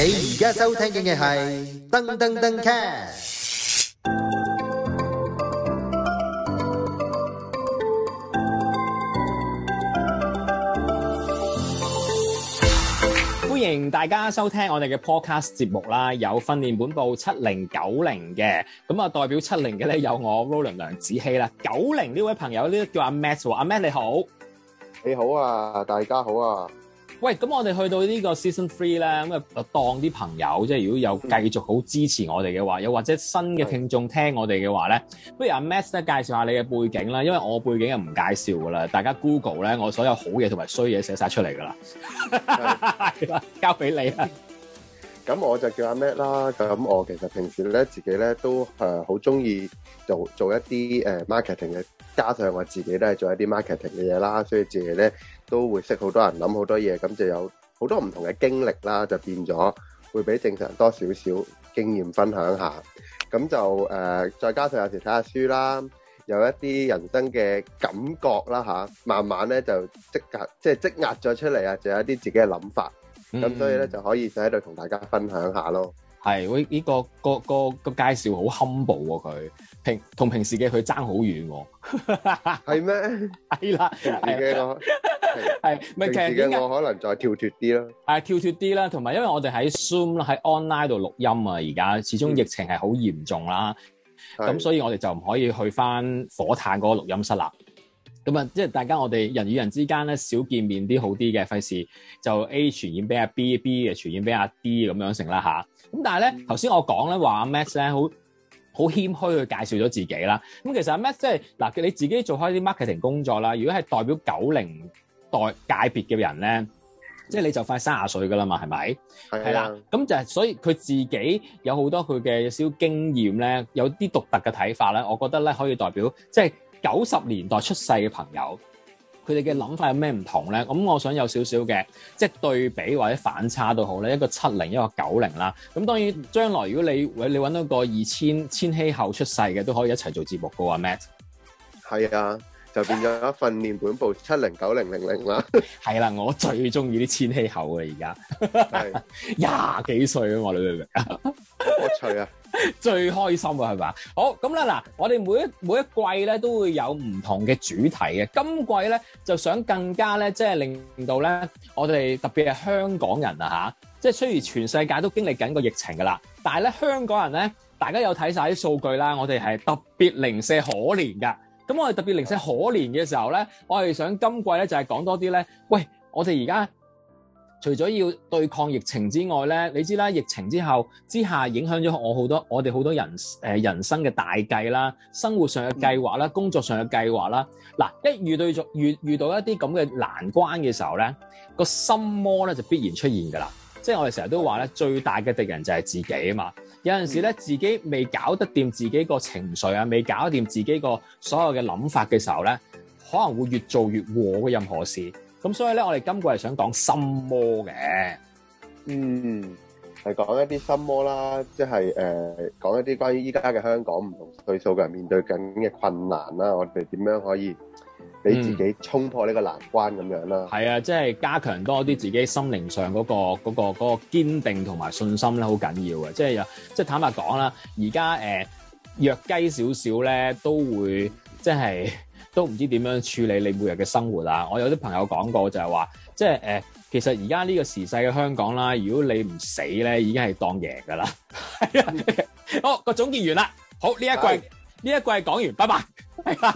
你而家收聽嘅係噔噔噔 cast，歡迎大家收聽我哋嘅 podcast 節目啦！有訓練本部七零九零嘅，咁啊代表七零嘅咧有我 Rolling 梁子希啦，九零呢位朋友咧叫阿 Matt，阿 Matt 你好，你好啊，大家好啊！喂，咁我哋去到個3呢個 season three 咧，咁啊當啲朋友，即係如果有繼續好支持我哋嘅話，嗯、又或者新嘅聽眾聽我哋嘅話咧，嗯、不如阿 Matt 咧介紹下你嘅背景啦，因為我背景就唔介紹噶啦，大家 Google 咧我所有好嘢同埋衰嘢寫晒出嚟噶啦，交俾你啦。咁我就叫阿 Matt 啦。咁我其實平時咧自己咧都好中意做做一啲、呃、marketing 嘅，加上我自己都係做一啲 marketing 嘅嘢啦，所以自己咧。都會識好多人諗好多嘢，咁就有好多唔同嘅經歷啦，就變咗會比正常人多少少經驗分享下。咁就誒，再加上有時睇下書啦，有一啲人生嘅感覺啦吓，慢慢咧就積壓，即係積壓咗出嚟啊，就有一啲自己嘅諗法。咁所以咧就可以就喺度同大家分享下咯。係，我呢個個個個介紹好 humble 喎佢，平同平時嘅佢爭好遠喎。係咩？係啦，自己咯。係，咩其我可能再跳脫啲咯，係跳脫啲啦，同埋因為我哋喺 Zoom 喺 online 度錄音啊，而家始終疫情係好嚴重啦，咁、嗯、所以我哋就唔可以去返火炭嗰個錄音室啦。咁啊，即係大家我哋人與人之間咧少見面啲好啲嘅，費事就 A 傳染俾阿 B，B 又傳染俾阿 D 咁樣成啦吓。咁但係咧，頭先、嗯、我講咧話阿 Max 咧好好謙虛去介紹咗自己啦。咁其實阿 Max 即係嗱你自己做開啲 marketing 工作啦，如果係代表九零。代界別嘅人咧，即係你就快三十歲噶啦嘛，係咪？係啦，咁就係所以佢自己有好多佢嘅少經驗咧，有啲獨特嘅睇法咧，我覺得咧可以代表即係九十年代出世嘅朋友，佢哋嘅諗法有咩唔同咧？咁我想有少少嘅即係對比或者反差都好咧。一個七零，一個九零啦。咁當然將來如果你揾你揾到個二千千禧後出世嘅，都可以一齊做節目噶喎，Matt。係啊。就變咗訓練本部七零九零零零啦，係 啦，我最中意啲千禧後嘅 是而家，廿幾歲啊嘛，你明唔明啊？有趣啊， 最開心啊，係咪啊？好咁啦，嗱，我哋每一每一季咧都會有唔同嘅主題嘅，今季咧就想更加咧，即係令到咧，我哋特別係香港人啊，吓，即係雖然全世界都經歷緊個疫情噶啦，但係咧香港人咧，大家有睇晒啲數據啦，我哋係特別零舍可憐噶。咁我哋特別零舍可憐嘅時候咧，我哋想今季咧就係、是、講多啲咧，喂，我哋而家除咗要對抗疫情之外咧，你知啦，疫情之後之下影響咗我好多，我哋好多人、呃、人生嘅大計啦，生活上嘅計劃啦，工作上嘅計劃啦，嗱、嗯，一遇到遇遇到一啲咁嘅難關嘅時候咧，個心魔咧就必然出現㗎啦，即係我哋成日都話咧，最大嘅敵人就係自己啊嘛。有陣時咧，自己未搞得掂自己個情緒啊，未搞得掂自己個所有嘅諗法嘅時候咧，可能會越做越禍嘅任何事。咁所以咧，我哋今季係想講心魔嘅，嗯，係講一啲心魔啦，即係誒講一啲關於依家嘅香港唔同歲數嘅人面對緊嘅困難啦，我哋點樣可以，俾自己衝破呢個難關咁樣啦，係、嗯、啊，即係加強多啲自己心靈上嗰個嗰個嗰個堅定同埋信心咧，好緊要嘅。即係又即係坦白講啦，而家誒弱雞少少咧，都會即係都唔知點樣處理你每日嘅生活啊！我有啲朋友講過就係話，即係、呃、其實而家呢個時勢嘅香港啦，如果你唔死咧，已經係當贏噶啦。啊， 好個總結完啦。好呢一季呢是一季講完，拜拜。係啊，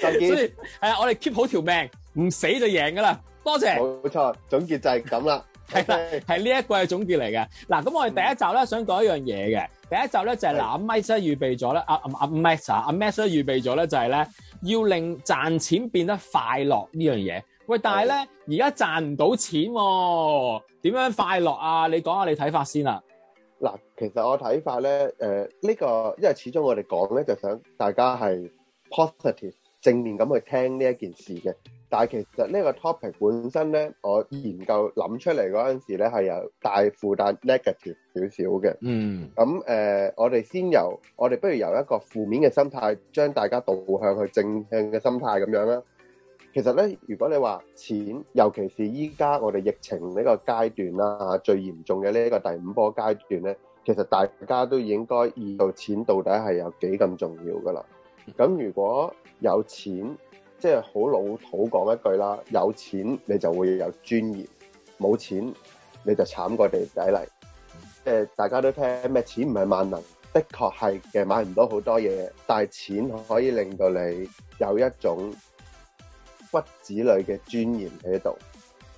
所以係啊，我哋 keep 好條命，唔死就贏噶啦，多謝。冇錯，總結就係咁 啦，係啦，係呢一季嘅總結嚟嘅。嗱，咁我哋第一集咧想講一樣嘢嘅，第一集咧就係阿 Mike 都預備咗咧，阿阿 Max 啊，阿 Max 都預備咗咧，啊啊啊、就係咧要令賺錢變得快樂呢樣嘢。喂，但係咧而家賺唔到錢，啊，點樣快樂啊？你講下你睇法先啊。嗱，其實我睇法咧，誒、呃、呢、這個因為始終我哋講咧，就想大家係。Positive 正面咁去聽呢一件事嘅，但係其實呢個 topic 本身呢，我研究諗出嚟嗰陣時呢係有大負擔 negative 少少嘅。Mm. 嗯，咁、呃、誒，我哋先由我哋不如由一個負面嘅心態，將大家導向去正向嘅心態咁樣啦。其實呢，如果你話錢，尤其是依家我哋疫情呢個階段啦、啊，最嚴重嘅呢個第五波階段呢，其實大家都應該意識到錢到底係有幾咁重要噶啦。咁如果有錢，即係好老土講一句啦，有錢你就會有尊嚴，冇錢你就慘過地底嚟。即係大家都聽咩錢唔係萬能，的確係嘅買唔到好多嘢，但係錢可以令到你有一種骨子裏嘅尊嚴喺度，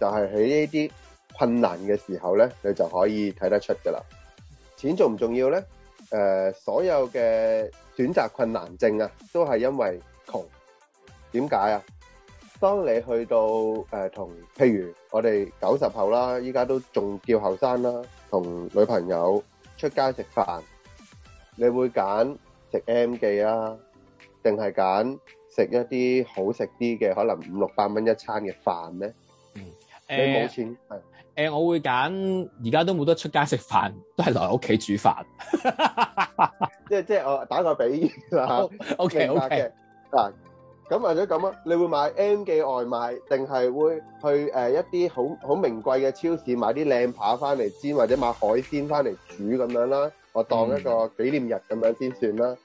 就係喺呢啲困難嘅時候咧，你就可以睇得出噶啦。錢重唔重要咧？誒、呃，所有嘅選擇困難症啊，都係因為窮。點解啊？當你去到誒同、呃，譬如我哋九十後啦，依家都仲叫後生啦，同女朋友出街食飯，你會揀食 M 記啊，定係揀食一啲好食啲嘅，可能五六百蚊一餐嘅飯咧？嗯，你冇錢係。嗯呃、我會揀而家都冇得出街食飯，都係留屋企煮飯。 即係即係我打個比喻啦。O K O K 嗱，咁或者咁啊，你會買 M 記外賣，定係會去誒、呃、一啲好好名貴嘅超市買啲靚扒翻嚟煎，或者買海鮮翻嚟煮咁樣啦？我當一個紀念日咁樣先算啦。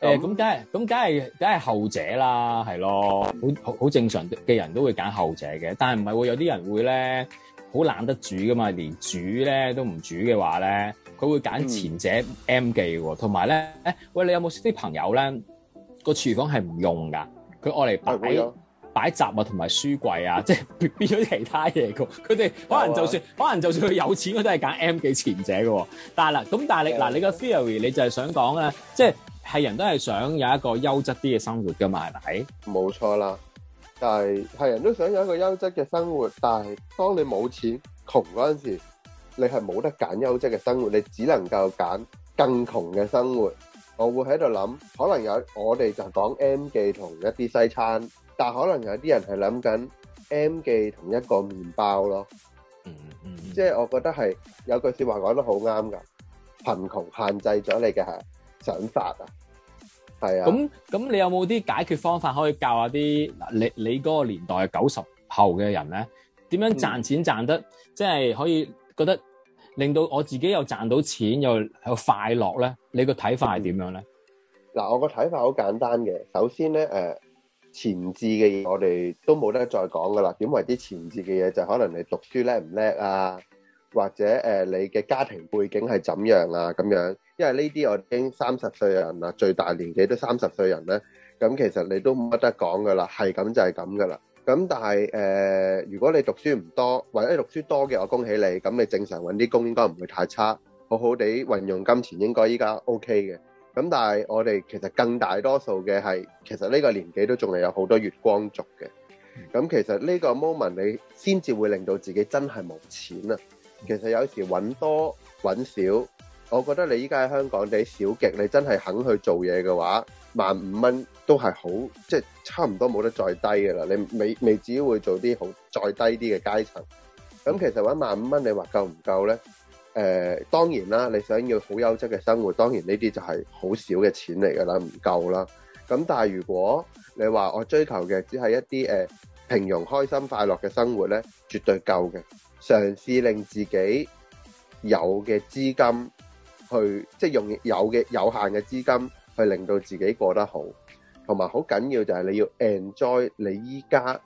誒、嗯，咁梗係，咁梗係，梗係後者啦，係咯，好好好正常嘅人都會揀後者嘅，但係唔係會有啲人會咧？好懶得煮噶嘛，連煮咧都唔煮嘅話咧，佢會揀前者 M 記喎。同埋咧，喂，你有冇啲朋友咧、個廚房係唔用噶？佢愛嚟擺擺雜物同埋書櫃啊，即係變咗其他嘢噶。佢哋可能就算了可能就算佢有錢，佢都係揀 M 記前者噶。但係啦，咁但係你嗱，了你個 theory 你就係想講咧，即係人都係想有一個優質啲嘅生活噶嘛，係咪冇錯啦。但係係人都想有一個優質嘅生活，但係當你冇錢窮嗰陣時，你係冇得揀優質嘅生活，你只能夠揀更窮嘅生活。我會喺度諗，可能有我哋就講 M 記同一啲西餐，但係可能有啲人係諗緊 M 記同一個麵包咯。嗯嗯嗯，即係我覺得係有句説話講得好啱㗎，貧窮限制咗你嘅想法啊！係咁咁，啊、你有冇啲解決方法可以教下啲？嗱，你你嗰個年代九十後嘅人咧，點樣賺錢賺得、嗯、即係可以覺得令到我自己又賺到錢又又快樂咧？你個睇法係點樣咧？嗱、嗯，我個睇法好簡單嘅，首先咧，誒、呃，前置嘅嘢我哋都冇得再講噶啦。點為啲前置嘅嘢，就係、可能你讀書叻唔叻啊？或者誒，你嘅家庭背景係怎樣啊？咁樣，因為呢啲我已經三十歲人啦，最大年紀都三十歲人咧。咁其實你都冇乜得講㗎啦，係咁就係咁㗎啦。咁但係誒、呃，如果你讀書唔多，或者你讀書多嘅，我恭喜你。咁你正常揾啲工應該唔會太差，好好地運用金錢應該依家 OK 嘅。咁但係我哋其實更大多數嘅係，其實呢個年紀都仲係有好多月光族嘅。咁其實呢個 moment 你先至會令到自己真係冇錢啊。其實有時搵多搵少，我覺得你依家喺香港你少極，你真係肯去做嘢嘅話，萬五蚊都係好，即係差唔多冇得再低嘅啦。你未未至於會做啲好再低啲嘅階層。咁其實搵萬五蚊，你話夠唔夠咧？誒，當然啦，你想要好優質嘅生活，當然呢啲就係好少嘅錢嚟噶啦，唔夠啦。咁但係如果你話我追求嘅只係一啲誒平庸開心快樂嘅生活咧，絕對夠嘅。嘗試令自己有嘅資金去，即係用有嘅有限嘅資金去令到自己過得好，同埋好緊要就係你要 enjoy 你依家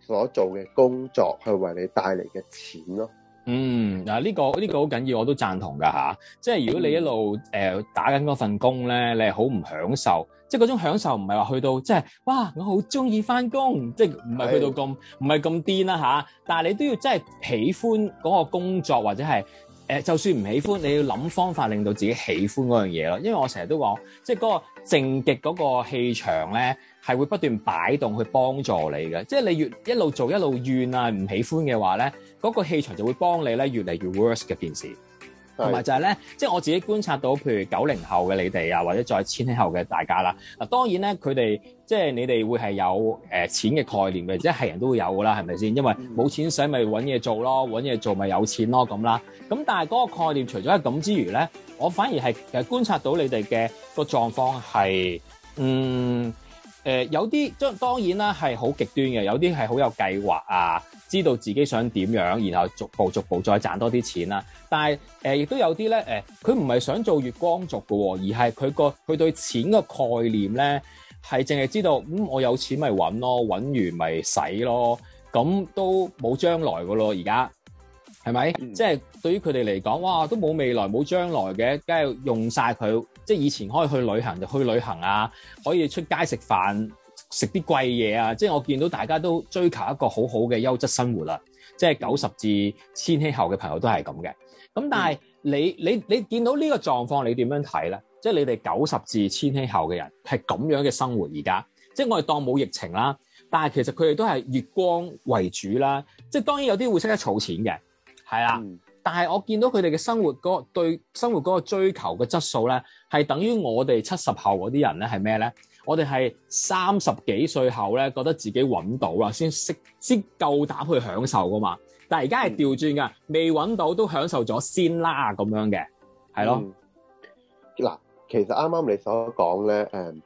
所做嘅工作，去為你帶嚟嘅錢咯。嗯，嗱、這、呢個呢、這個好緊要，我都贊同噶嚇。即係如果你一路誒、呃、打緊嗰份工咧，你係好唔享受，即係嗰種享受唔係話去到即係哇，我好中意翻工，即係唔係去到咁唔係咁癲啦嚇。但係你都要真係喜歡嗰個工作或者係、呃、就算唔喜歡，你要諗方法令到自己喜歡嗰樣嘢咯。因為我成日都講，即係嗰個正極嗰個氣場咧。係會不斷擺動去幫助你嘅，即係你越一路做一路怨啊，唔喜歡嘅話咧，嗰、那個氣場就會幫你咧越嚟越 worse 嘅件事。同埋對就係咧，即係我自己觀察到，譬如九零後嘅你哋啊，或者再千禧後嘅大家啦。嗱，當然咧，佢哋即係你哋會係有誒、呃、錢嘅概念嘅，即係人都會有噶啦，係咪先？因為冇錢使，咪搵嘢做咯，搵嘢做咪有錢咯咁啦。咁但係嗰個概念除咗係咁之餘咧，我反而係其實觀察到你哋嘅個狀況係嗯。誒、呃、有啲，即當然啦，係好極端嘅，有啲係好有計劃啊，知道自己想點樣，然後逐步逐步再賺多啲錢啦、啊。但係亦、呃、都有啲咧，佢唔係想做月光族嘅喎、啊，而係佢個佢對錢嘅概念咧，係淨係知道，咁、嗯、我有錢咪揾咯，揾完咪使咯，咁都冇將來㗎咯，而家係咪？嗯、即係對於佢哋嚟講，哇，都冇未來冇將來嘅，梗係用晒佢。即係以前可以去旅行就去旅行啊，可以出街食飯食啲貴嘢啊！即係我見到大家都追求一個好好嘅優質生活啦、啊。即係九十至千禧後嘅朋友都係咁嘅。咁但係你你你見到呢個狀況，你點樣睇咧？即係你哋九十至千禧後嘅人係咁樣嘅生活而家。即係我哋當冇疫情啦，但係其實佢哋都係月光為主啦。即係當然有啲會識得儲錢嘅，係啦、啊。嗯但係我見到佢哋嘅生活嗰個對生活嗰個追求嘅質素咧，係等於我哋七十後嗰啲人咧係咩咧？我哋係三十幾歲後咧，覺得自己揾到啦，先識先夠膽去享受噶嘛。但係而家係調轉㗎，嗯、未揾到都享受咗先啦咁樣嘅，係咯。嗱、嗯，其實啱啱你所講咧，誒、嗯，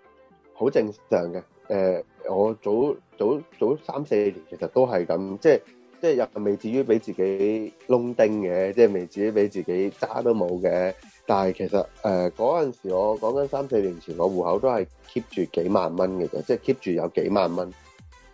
好正常嘅。誒、嗯，我早早早三四年其實都係咁，即係。即係又未至於俾自己窿丁嘅，即係未至於俾自己揸都冇嘅。但係其實誒嗰陣時，我講緊三四年前，我戶口都係 keep 住幾萬蚊嘅啫，即係 keep 住有幾萬蚊。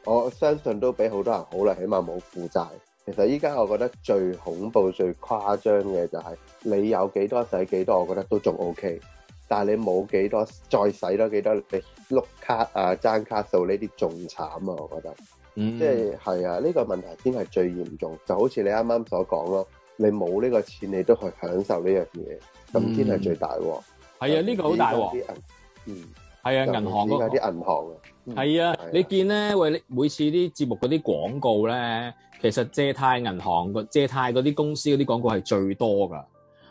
我相信都比好多人好啦，起碼冇負債。其實依家我覺得最恐怖、最誇張嘅就係你有幾多使幾多，我覺得都仲 OK。但係你冇幾多，再使多幾多，你碌卡啊、爭卡數呢啲仲慘啊，我覺得。嗯、即係係啊，呢、呢個問題先係最嚴重，就好似你啱啱所講咯，你冇呢個錢，你都去享受呢、嗯、樣嘢，咁先係最大喎。係啊，呢個好大喎。嗯、啊，係啊，銀行嗰啲銀行啊，係啊，係啊，你見咧喂，為你每次啲節目嗰啲廣告咧，其實借貸銀行個借貸嗰啲公司嗰啲廣告係最多噶，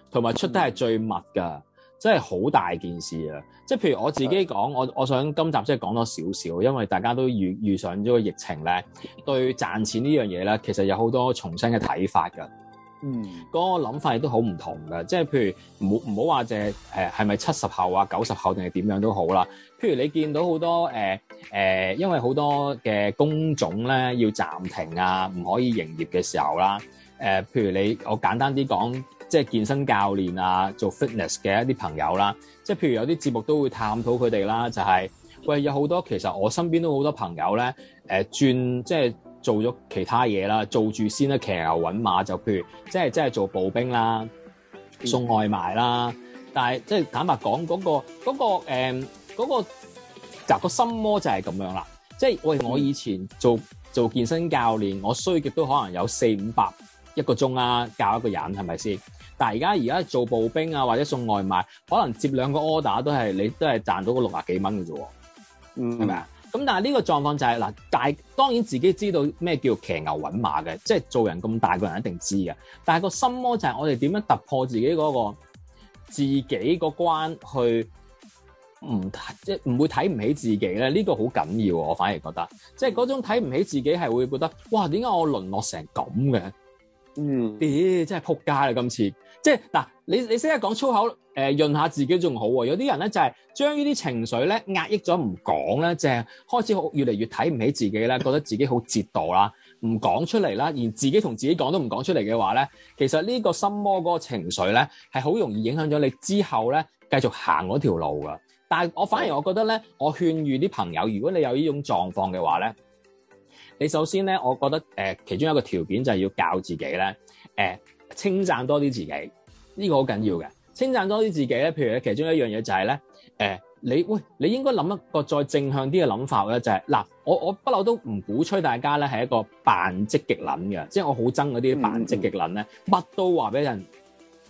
同埋出得係最密噶。嗯真係好大件事啊！即係譬如我自己講，我我想今集即係講多少少，因為大家都遇遇上咗個疫情咧，對賺錢呢樣嘢咧，其實有好多重新嘅睇法㗎。嗯，嗰個諗法亦都好唔同㗎。即係譬如唔好唔好話淨係係咪七十後啊、九十後定係點樣都好啦。譬如你見到好多誒、呃呃、因為好多嘅工種咧要暫停啊，唔可以營業嘅時候啦。誒、呃，譬如你我簡單啲講。即係健身教練啊，做 fitness 嘅一啲朋友啦，即係譬如有啲節目都會探討佢哋啦，就係、是、喂，有好多其實我身邊都好多朋友咧，誒、呃、轉即係做咗其他嘢啦，做住先啦，騎牛搵馬就譬如即係即係做步兵啦，送外賣啦，但係即係坦白講，嗰個嗰個誒嗰個嗱個心魔就係咁樣啦，即係喂，我以前做做健身教練，我衰極都可能有四五百一個鐘啦，教一個人係咪先？是但而家而家做步兵啊，或者送外賣，可能接兩個 order 都係你都係賺到個六十幾蚊嘅啫，係咪？啊？咁但係呢個狀況就係、是、嗱，大當然自己知道咩叫騎牛揾馬嘅，即係做人咁大個人一定知嘅。但係個心魔就係我哋點樣突破自己嗰個自己個關去唔即唔會睇唔起自己咧？呢、這個好緊要、啊、我反而覺得，即係嗰種睇唔起自己係會覺得哇，點解我淪落成咁嘅？嗯，啲、欸、真係撲街啦，今次。即係嗱、啊，你你識得講粗口，誒、呃、潤下自己仲好喎、啊。有啲人咧就係、是、將呢啲情緒咧壓抑咗唔講咧，就係、是、開始好越嚟越睇唔起自己咧，覺得自己好折墮啦，唔講出嚟啦，連自己同自己講都唔講出嚟嘅話咧，其實呢個心魔嗰個情緒咧係好容易影響咗你之後咧繼續行嗰條路㗎。但係我反而我覺得咧，我勸喻啲朋友，如果你有呢種狀況嘅話咧，你首先咧，我覺得誒、呃、其中一個條件就係要教自己咧，誒、呃。稱讚多啲自己，呢、這個好緊要嘅。稱讚多啲自己咧，譬如其中一樣嘢就係、是、咧，誒、呃，你喂，你應該諗一個再正向啲嘅諗法咧，就係、是、嗱，我我不嬲都唔鼓吹大家咧係一個扮積極撚嘅，即係我好憎嗰啲扮積極撚咧，乜、嗯、都話俾人，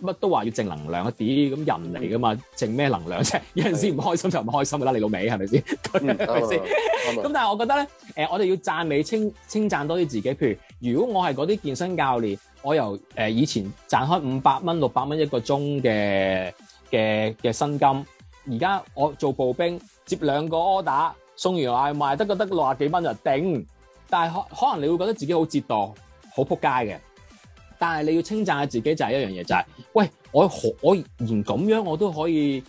乜都話要正能量一啲咁人嚟噶嘛淨咩能量啫、嗯？有陣時唔開心就唔開心噶啦，你老味係咪先？係咪先？咁 但係我覺得咧，誒、呃，我哋要讚美、稱讚多啲自己。譬如如果我係嗰啲健身教練。我由誒、呃、以前賺開五百蚊六百蚊一個鐘嘅嘅嘅薪金，而家我做步兵接兩個 order 送完外賣得個得六十幾蚊就頂，但係可能你會覺得自己好折墮，好撲街嘅。但係你要稱讚下自己就係一樣嘢，就係、是、喂，我可我，我連咁樣我都可以誒、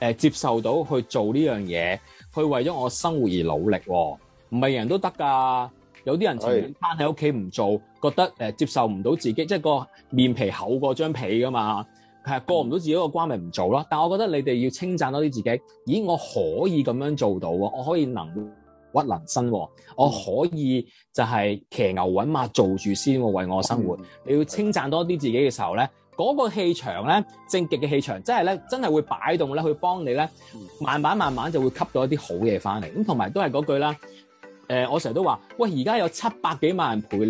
呃、接受到去做呢樣嘢，去為咗我生活而努力喎、啊，唔係人都得㗎。有啲人情願攤喺屋企唔做，覺得、呃、接受唔到自己，即係個面皮厚過張被㗎嘛，係過唔到自己個關，咪唔做咯。但我覺得你哋要稱讚多啲自己，咦，我可以咁樣做到喎，我可以能屈能伸喎，我可以就係騎牛搵馬做住先喎，為我生活。你要稱讚多啲自己嘅時候咧，嗰、嗰個氣場咧，正極嘅氣場，真係咧，真係會擺動咧，去幫你咧，慢慢慢慢就會吸到一啲好嘢翻嚟。咁同埋都係嗰句啦。誒、呃，我成日都話，喂，而家有七百幾萬人陪你，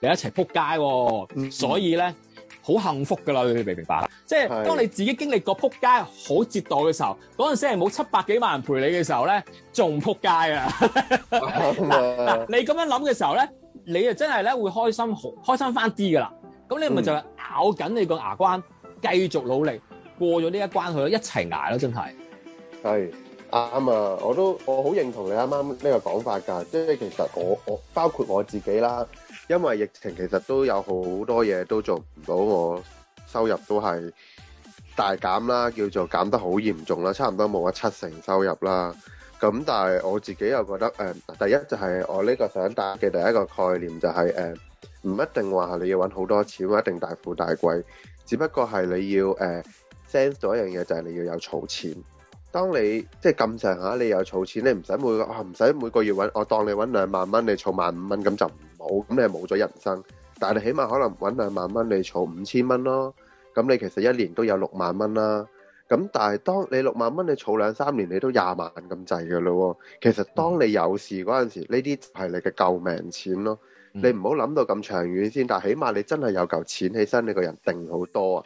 你一齊撲街。哦，嗯、所以咧好，嗯、幸福噶啦，你明唔明白？嗯、即係當你自己經歷過撲街好折墮嘅時候，嗰陣時係冇七百幾萬人陪你嘅時候咧，仲唔撲街啊！你咁樣諗嘅時候咧，你啊真係咧會開心好開心翻啲噶啦。咁你咪就咬緊你個牙關，繼續努力過咗呢一關去咯，一齊捱咯，真係。嗯啱啊！我都我好認同你啱啱呢個講法㗎，即係其實我我包括我自己啦，因為疫情其實都有好多嘢都做唔到我，我收入都係大減啦，叫做減得好嚴重啦，差唔多冇咗七成收入啦。咁但係我自己又覺得、呃、第一就係我呢個想打嘅第一個概念就係、是、誒，唔、呃、一定話你要搵好多錢，一定大富大貴，只不過係你要誒 sense 咗一樣嘢，就係你要有儲錢。當你即係咁上下，你又儲錢，你唔使每個唔使、啊、每個月揾，我、啊、當你揾兩萬蚊你儲萬五蚊，咁就唔好。咁你冇咗人生。但你起碼可能揾兩萬蚊你儲五千蚊咯，咁你其實一年都有六萬蚊啦。咁但係當你六萬蚊你儲兩三年，你都廿萬咁滯喇咯。其實當你有事嗰陣時，呢啲係你嘅救命錢咯。你唔好諗到咁長遠先，但起碼你真係有嚿錢起身，你個人定好多啊。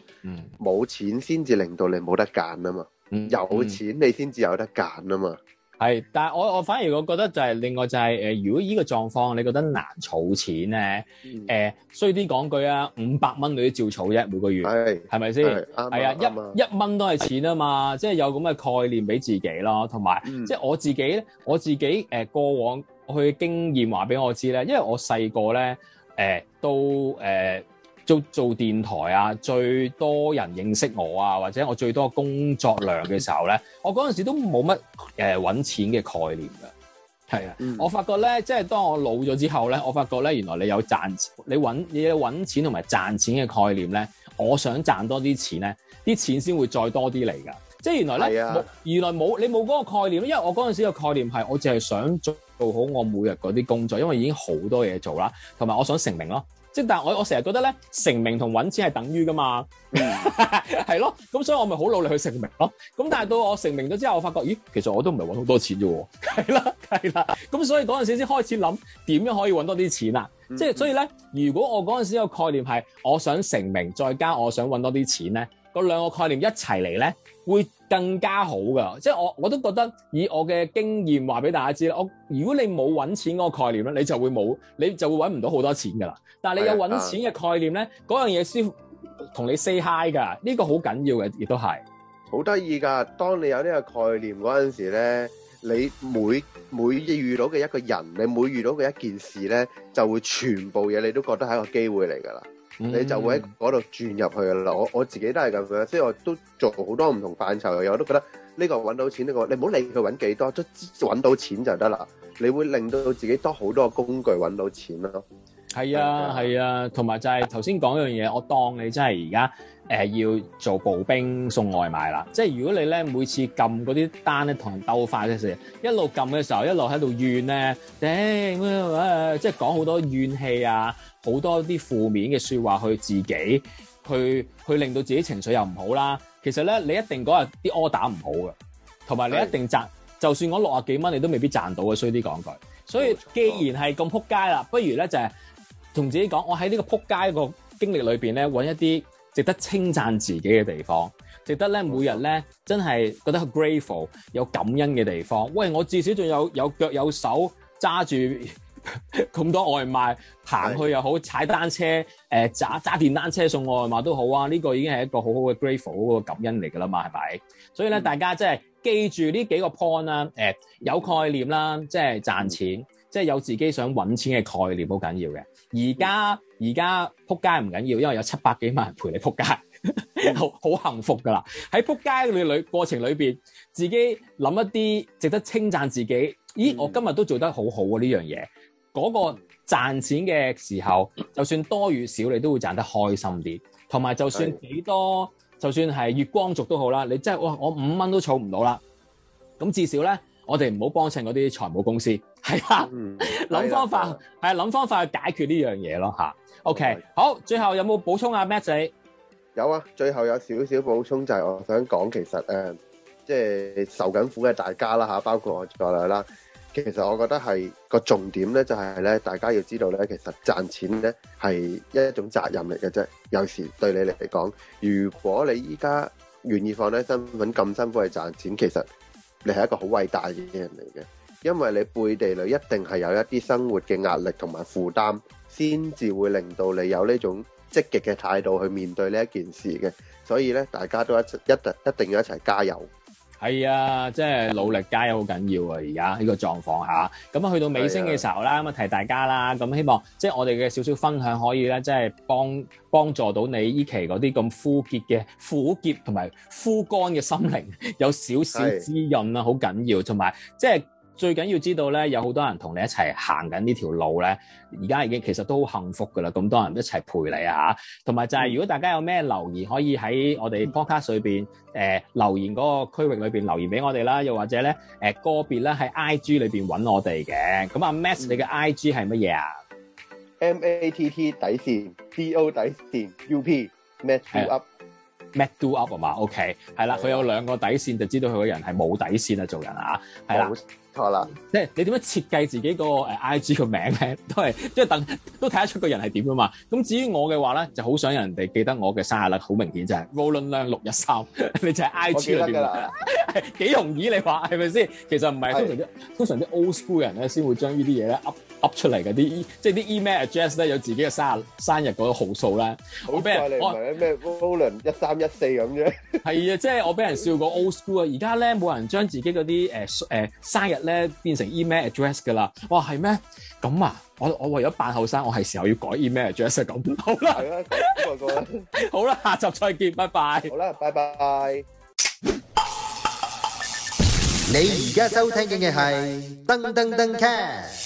冇錢先至令到你冇得揀啊嘛。有錢你先至有得揀啊嘛，係，但係我我反而我覺得就係、是、另外就係、是、誒，如果依個狀況你覺得難儲錢咧，誒、嗯呃，衰啲講句啊，五百蚊你都照儲啫，每個月，係是，係咪先？係啊，了一了一蚊都係錢啊嘛，即、就、係、是、有咁嘅概念俾自己咯，同埋、嗯、即係我自己咧，我自己誒、呃、過往去經驗話俾我知咧，因為我細個咧誒都誒。呃做做電台啊，最多人認識我啊，或者我最多工作量嘅時候咧，我嗰陣時都冇乜誒揾錢嘅概念㗎，係啊、嗯，我發覺咧，即係當我老咗之後咧，我發覺咧，原來你有賺，你揾你揾錢同埋賺錢嘅概念咧，我想賺多啲錢咧，啲錢先會再多啲嚟㗎，即係原來咧，係啊，原來冇，你冇嗰個概念，因為我嗰陣時嘅概念係我淨係想做好我每日嗰啲工作，因為已經好多嘢做啦，同埋我想成名咯。即但我我成日覺得咧，成名同揾錢係等於噶嘛，係 咯，咁所以我咪好努力去成名咯。咁但係到我成名咗之後，我發覺，咦，其實我都唔係揾好多錢啫喎，係 啦，係啦。咁所以嗰陣時先開始諗點樣可以揾多啲錢啊！即係所以咧，如果我嗰陣時有個概念係我想成名，再加我想揾多啲錢咧，嗰兩個概念一齊嚟咧。會更加好㗎，即係我我都覺得以我嘅經驗話俾大家知啦。我如果你冇揾錢嗰個概念咧，你就會冇你就會揾唔到好多錢㗎啦。但係你有揾錢嘅概念咧，嗰樣嘢先同你 say hi 㗎。呢個好緊要嘅，亦都係，好得意㗎！當你有呢個概念嗰陣時咧，你每每遇到嘅一個人，你每遇到嘅一件事咧，就會全部嘢你都覺得係一個機會嚟㗎啦。你就會喺嗰度轉入去噶啦，我我自己都係咁樣，即係我都做好多唔同範疇嘅嘢。我都覺得呢個搵到錢呢個，你唔好理佢搵幾多，即搵到錢就得啦。你會令到自己多好多工具搵到錢咯。係啊，係啊，同埋、啊、就係頭先講一樣嘢，我當你真係而家。誒、呃、要做步兵送外賣啦，即係如果你咧每次撳嗰啲單咧同人鬥快嘅時，一路撳嘅時候一路喺度怨咧，頂、哎，即係講好多怨氣啊，好多啲負面嘅說話去自己，去去令到自己情緒又唔好啦。其實咧，你一定嗰日啲 order 唔好嘅，同埋你一定賺，嗯、就算我六十幾蚊，你都未必賺到嘅。衰啲講句，所以既然係咁撲街啦，不如咧就係、是、同自己講，我喺呢個撲街個經歷裏面咧揾一啲。值得稱讚自己嘅地方，值得咧每日咧吧真係覺得 grateful 有感恩嘅地方。喂，我至少仲有有腳有手揸住咁多外賣行去又好，踩單車誒揸揸電單車送外賣都好啊！呢個已經係一個好好嘅 grateful 嗰個感恩嚟㗎啦嘛，係咪？嗯、所以咧，大家即係記住呢幾個 point 啦、呃，有概念啦，即係賺錢。即係有自己想揾錢嘅概念好緊要嘅，而家而家仆街唔緊要，因為有七百幾萬人陪你仆街， 好好幸福㗎啦。喺仆街裏過程裏面，自己諗一啲值得稱讚自己，咦，我今日都做得好好喎呢樣嘢。嗰個賺錢嘅時候，就算多與少，你都會賺得開心啲。同埋，就算幾多，是的 就算係月光族都好啦，你真係我五蚊都儲唔到啦，咁至少咧。我哋唔好幫襯嗰啲財務公司，係啦，諗、嗯、方法，係啊的，諗方法去解決呢樣嘢咯嚇。的 OK，好，最後有冇補充啊，Max？有啊，最後有少少補充就係我想講，其實誒，即、呃、係、就是、受緊苦嘅大家啦嚇，包括我在內啦。其實我覺得係個重點咧，就係咧，大家要知道咧，其實賺錢咧係一種責任嚟嘅啫。有時對你嚟講，如果你依家願意放低身份咁辛苦去賺錢，其實～你係一個好偉大嘅人嚟嘅，因為你背地裏一定係有一啲生活嘅壓力同埋負擔，先至會令到你有呢種積極嘅態度去面對呢一件事嘅，所以咧，大家都一一一,一定要一齊加油。係啊，即係努力加油好緊要啊！而家呢個狀況下，咁啊去到尾聲嘅時候啦，咁是啊提大家啦，咁、嗯、希望即係我哋嘅少少分享可以咧，即係幫幫助到你依期嗰啲咁枯竭嘅苦澀同埋枯乾嘅心靈，有少少滋潤啊，好緊是、啊、要，同埋即係。最緊要知道咧，有好多人同你一齊行緊呢條路咧，而家已經其實都好幸福噶啦，咁多人一齊陪你啊！同埋就係，如果大家有咩留言，可以喺我哋 Podcast 裏面留言嗰個區域裏面留言俾我哋啦，又或者咧誒個別咧喺 IG 裏面揾我哋嘅。咁阿 Mass 你嘅 IG 係乜嘢啊？M A T T 底線，B O 底線，U P，Match You Up。Mat do up 啊嘛，OK，係啦的，佢有兩個底線，就知道佢個人係冇底線啦，做人啊，係啦，錯啦，即係你點樣設計自己個 I G 個名咧，都係即係等都睇得出個人係點嘅嘛。咁至於我嘅話咧，就好想人哋記得我嘅生日啦，好明顯就係無論兩六一三，你就係 I G 裏面，幾容易你話係咪先？其實唔係通常啲的通常啲 old school 人咧，先會將這些東西呢啲嘢咧。Up 出嚟嘅啲即係啲 email address 咧，有自己嘅生生日嗰號數啦。好，我俾人咩 Volume 一三一四咁樣。係啊，即係我俾人笑過 old school 啊！而家咧冇人將自己嗰啲誒誒生日咧變成 email address 噶啦。哇，係咩？咁啊，我我為咗扮後生，我係時候要改 email address 咁。好啦，好啦的， 下集再見，拜拜。好啦，拜拜。你而家收聽嘅嘢係噔噔噔 cast